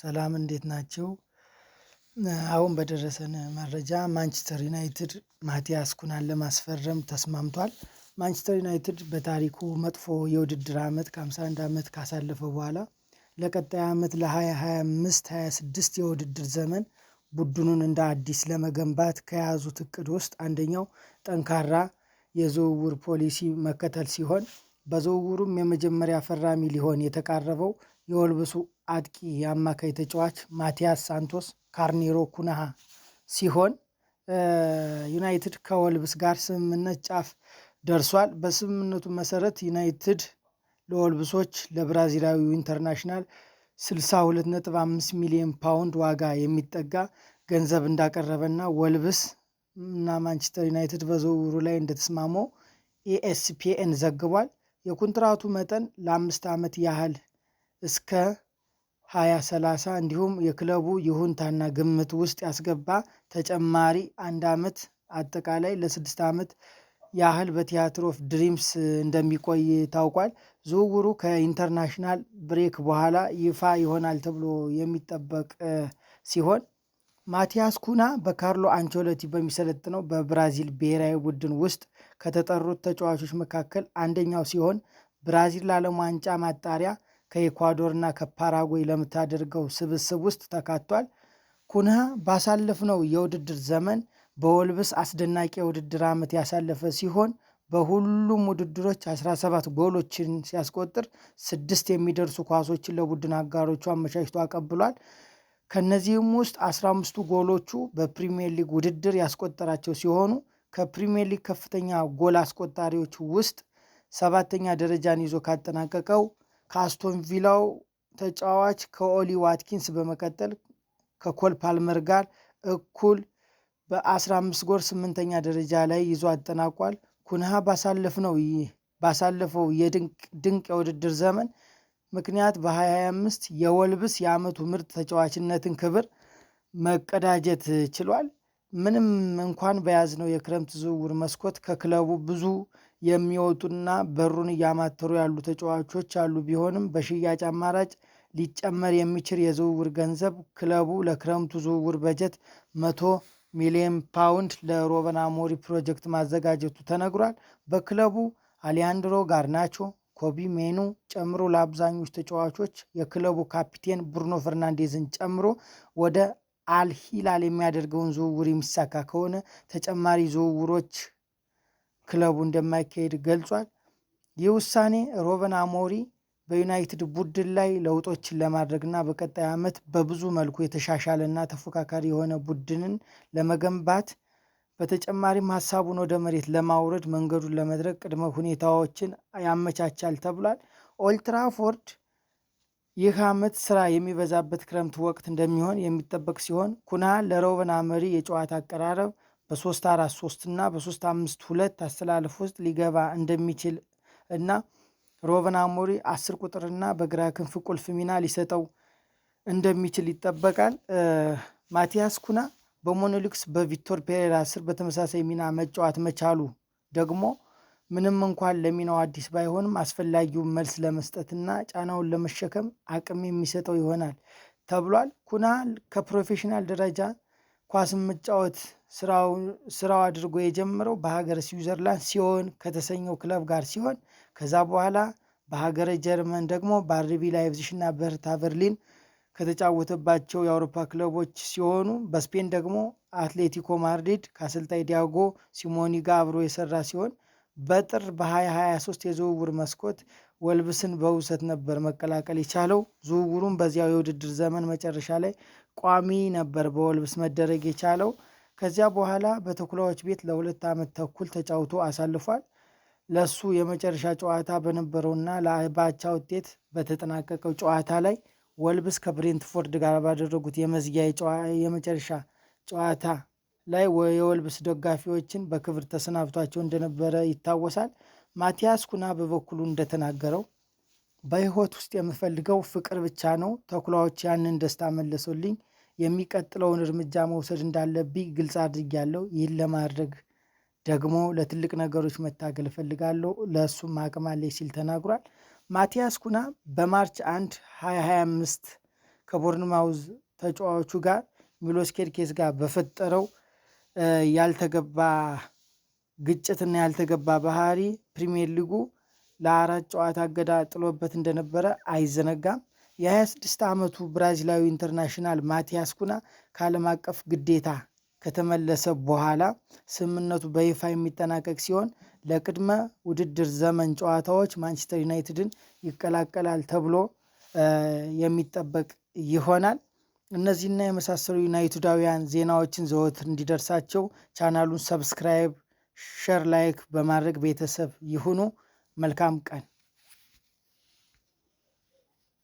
ሰላም እንዴት ናቸው? አሁን በደረሰን መረጃ ማንቸስተር ዩናይትድ ማቲያስ ኩናን ለማስፈረም ተስማምቷል። ማንቸስተር ዩናይትድ በታሪኩ መጥፎ የውድድር ዓመት ከ51 ዓመት ካሳለፈ በኋላ ለቀጣይ ዓመት ለ2025/26 የውድድር ዘመን ቡድኑን እንደ አዲስ ለመገንባት ከያዙት እቅድ ውስጥ አንደኛው ጠንካራ የዝውውር ፖሊሲ መከተል ሲሆን በዝውውሩም የመጀመሪያ ፈራሚ ሊሆን የተቃረበው የወልብሱ አጥቂ የአማካይ ተጫዋች ማቲያስ ሳንቶስ ካርኔሮ ኩናሃ ሲሆን ዩናይትድ ከወልብስ ጋር ስምምነት ጫፍ ደርሷል። በስምምነቱ መሰረት ዩናይትድ ለወልብሶች ለብራዚላዊው ኢንተርናሽናል 62.5 ሚሊዮን ፓውንድ ዋጋ የሚጠጋ ገንዘብ እንዳቀረበና ወልብስ እና ማንቸስተር ዩናይትድ በዝውውሩ ላይ እንደተስማሞ ኤኤስፒኤን ዘግቧል። የኮንትራቱ መጠን ለአምስት ዓመት ያህል እስከ 2030 እንዲሁም የክለቡ ይሁንታና ግምት ውስጥ ያስገባ ተጨማሪ አንድ ዓመት አጠቃላይ ለስድስት ዓመት ያህል በቲያትር ኦፍ ድሪምስ እንደሚቆይ ታውቋል። ዝውውሩ ከኢንተርናሽናል ብሬክ በኋላ ይፋ ይሆናል ተብሎ የሚጠበቅ ሲሆን ማቲያስ ኩና በካርሎ አንቸሎቲ በሚሰለጥነው በብራዚል ብሔራዊ ቡድን ውስጥ ከተጠሩት ተጫዋቾች መካከል አንደኛው ሲሆን ብራዚል ለዓለም ዋንጫ ማጣሪያ ከኢኳዶርና ከፓራጓይ ለምታደርገው ስብስብ ውስጥ ተካቷል። ኩንሃ ባሳለፍነው የውድድር ዘመን በወልብስ አስደናቂ የውድድር ዓመት ያሳለፈ ሲሆን በሁሉም ውድድሮች 17 ጎሎችን ሲያስቆጥር ስድስት የሚደርሱ ኳሶችን ለቡድን አጋሮቹ አመቻችቶ አቀብሏል። ከነዚህም ውስጥ 15 ጎሎቹ በፕሪሚየር ሊግ ውድድር ያስቆጠራቸው ሲሆኑ ከፕሪሚየር ሊግ ከፍተኛ ጎል አስቆጣሪዎች ውስጥ ሰባተኛ ደረጃን ይዞ ካጠናቀቀው ከአስቶን ቪላው ተጫዋች ከኦሊ ዋትኪንስ በመቀጠል ከኮል ፓልመር ጋር እኩል በ15 ጎል ስምንተኛ ደረጃ ላይ ይዞ አጠናቋል። ኩንሃ ባሳለፍነው ባሳለፈው የድንቅ ድንቅ የውድድር ዘመን ምክንያት በ25 የወልብስ የዓመቱ ምርጥ ተጫዋችነትን ክብር መቀዳጀት ችሏል። ምንም እንኳን በያዝነው የክረምት ዝውውር መስኮት ከክለቡ ብዙ የሚወጡና በሩን እያማተሩ ያሉ ተጫዋቾች አሉ ቢሆንም በሽያጭ አማራጭ ሊጨመር የሚችል የዝውውር ገንዘብ ክለቡ ለክረምቱ ዝውውር በጀት መቶ ሚሊዮን ፓውንድ ለሩበን ሞሪ ፕሮጀክት ማዘጋጀቱ ተነግሯል። በክለቡ አሊያንድሮ ጋርናቾ፣ ኮቢ ሜኑ ጨምሮ ለአብዛኞቹ ተጫዋቾች የክለቡ ካፒቴን ብሩኖ ፈርናንዴዝን ጨምሮ ወደ አልሂላል የሚያደርገውን ዝውውር የሚሳካ ከሆነ ተጨማሪ ዝውውሮች ክለቡ እንደማይካሄድ ገልጿል። ይህ ውሳኔ ሮበን አሞሪ በዩናይትድ ቡድን ላይ ለውጦችን ለማድረግና በቀጣይ ዓመት በብዙ መልኩ የተሻሻለና ተፎካካሪ የሆነ ቡድንን ለመገንባት በተጨማሪም ሀሳቡን ወደ መሬት ለማውረድ መንገዱን ለመድረግ ቅድመ ሁኔታዎችን ያመቻቻል ተብሏል። ኦልትራፎርድ ይህ ዓመት ስራ የሚበዛበት ክረምት ወቅት እንደሚሆን የሚጠበቅ ሲሆን ኩና ለሮበን አሞሪ የጨዋታ አቀራረብ በሶስት አራት ሶስት እና በሶስት አምስት ሁለት አስተላለፍ ውስጥ ሊገባ እንደሚችል እና ሮበን አሞሪ አስር ቁጥርና በግራ ክንፍ ቁልፍ ሚና ሊሰጠው እንደሚችል ይጠበቃል። ማቲያስ ኩና በሞኖሊክስ በቪክቶር ፔሬራ ስር በተመሳሳይ ሚና መጫወት መቻሉ ደግሞ ምንም እንኳን ለሚናው አዲስ ባይሆንም አስፈላጊውን መልስ ለመስጠትና ጫናውን ለመሸከም አቅም የሚሰጠው ይሆናል ተብሏል። ኩና ከፕሮፌሽናል ደረጃ ኳስን መጫወት ስራው አድርጎ የጀመረው በሀገረ ስዊዘርላንድ ሲሆን ከተሰኘው ክለብ ጋር ሲሆን ከዛ በኋላ በሀገረ ጀርመን ደግሞ በአርቢ ላይፕዚሽ እና በህርታ በርሊን ከተጫወተባቸው የአውሮፓ ክለቦች ሲሆኑ በስፔን ደግሞ አትሌቲኮ ማድሪድ ከአሰልጣኝ ዲያጎ ሲሞኒ ጋር አብሮ የሰራ ሲሆን በጥር በ2023 የዝውውር መስኮት ወልብስን በውሰት ነበር መቀላቀል የቻለው። ዝውውሩም በዚያው የውድድር ዘመን መጨረሻ ላይ ቋሚ ነበር በወልብስ መደረግ የቻለው። ከዚያ በኋላ በተኩላዎች ቤት ለሁለት ዓመት ተኩል ተጫውቶ አሳልፏል። ለሱ የመጨረሻ ጨዋታ በነበረውና ለአባቻ ውጤት በተጠናቀቀው ጨዋታ ላይ ወልብስ ከብሬንትፎርድ ጋር ባደረጉት የመዝጊያ የመጨረሻ ጨዋታ ላይ የወልብስ ደጋፊዎችን በክብር ተሰናብቷቸው እንደነበረ ይታወሳል። ማቲያስ ኩና በበኩሉ እንደተናገረው በህይወት ውስጥ የምፈልገው ፍቅር ብቻ ነው። ተኩላዎች ያንን ደስታ መለሶልኝ የሚቀጥለውን እርምጃ መውሰድ እንዳለብኝ ግልጽ አድርጌያለሁ። ይህን ለማድረግ ደግሞ ለትልቅ ነገሮች መታገል እፈልጋለሁ፣ ለእሱም አቅም አለኝ ሲል ተናግሯል። ማቲያስ ኩና በማርች 1 2025 ከቦርንማውዝ ተጫዋቹ ጋር ሚሎስ ኬርኬዝ ጋር በፈጠረው ያልተገባ ግጭትና ያልተገባ ባህሪ ፕሪሚየር ሊጉ ለአራት ጨዋታ እገዳ ጥሎበት እንደነበረ አይዘነጋም። የ26 ዓመቱ ብራዚላዊ ኢንተርናሽናል ማቲያስ ኩና ከዓለም አቀፍ ግዴታ ከተመለሰ በኋላ ስምምነቱ በይፋ የሚጠናቀቅ ሲሆን ለቅድመ ውድድር ዘመን ጨዋታዎች ማንቸስተር ዩናይትድን ይቀላቀላል ተብሎ የሚጠበቅ ይሆናል። እነዚህና የመሳሰሉ ዩናይትዳውያን ዜናዎችን ዘወትር እንዲደርሳቸው ቻናሉን ሰብስክራይብ፣ ሸር፣ ላይክ በማድረግ ቤተሰብ ይሁኑ። መልካም ቀን